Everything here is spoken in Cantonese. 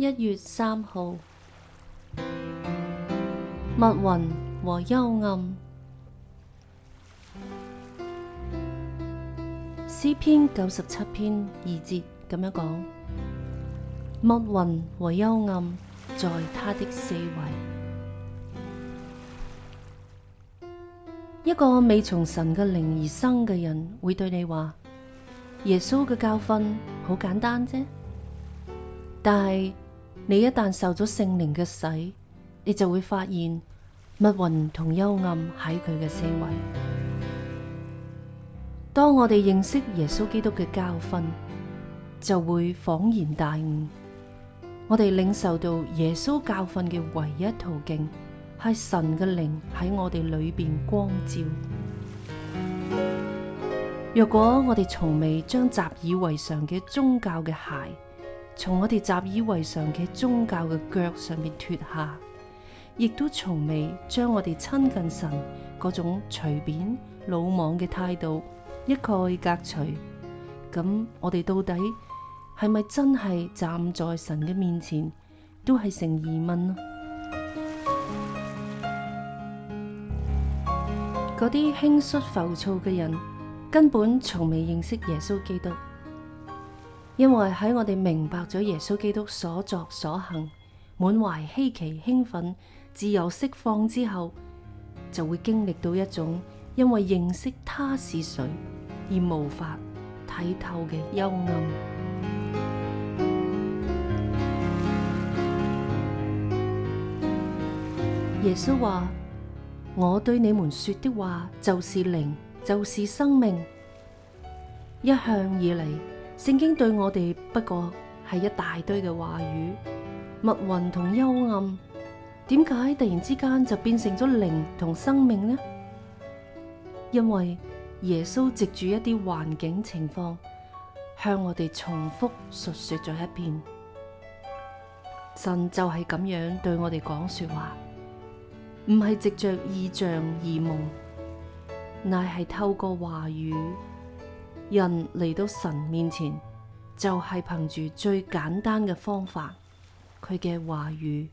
一月三號，密雲和幽暗，詩篇九十七篇二節咁樣講：密雲和幽暗在他的四圍。一個未從神嘅靈而生嘅人會對你話：耶穌嘅教訓好簡單啫，但係。你一旦受咗聖靈嘅洗，你就會發現密雲同幽暗喺佢嘅四圍。當我哋認識耶穌基督嘅教訓，就會恍然大悟。我哋領受到耶穌教訓嘅唯一途徑，係神嘅靈喺我哋裏邊光照。若果我哋從未將習以為常嘅宗教嘅鞋，從我哋習以為常嘅宗教嘅腳上面脫下，亦都從未將我哋親近神嗰種隨便、魯莽嘅態度一概隔除。咁我哋到底係咪真係站在神嘅面前，都係成疑問咯？嗰啲輕率浮躁嘅人，根本從未認識耶穌基督。因為喺我哋明白咗耶穌基督所作所行，滿懷希冀、興奮、自由釋放之後，就會經歷到一種因為認識他是誰而無法睇透嘅幽暗。耶穌話：「我對你們說的話，就是靈，就是生命。」一向以嚟，聖經對我哋不過係一大堆嘅話語，密雲同幽暗，點解突然之間就變成咗靈同生命呢？因為耶穌藉住一啲環境情況，向我哋重複述說咗一遍，神就係咁樣對我哋講說話，唔係藉着異象異夢，乃係透過話語。人嚟到神面前，就係憑住最簡單嘅方法，佢嘅話語。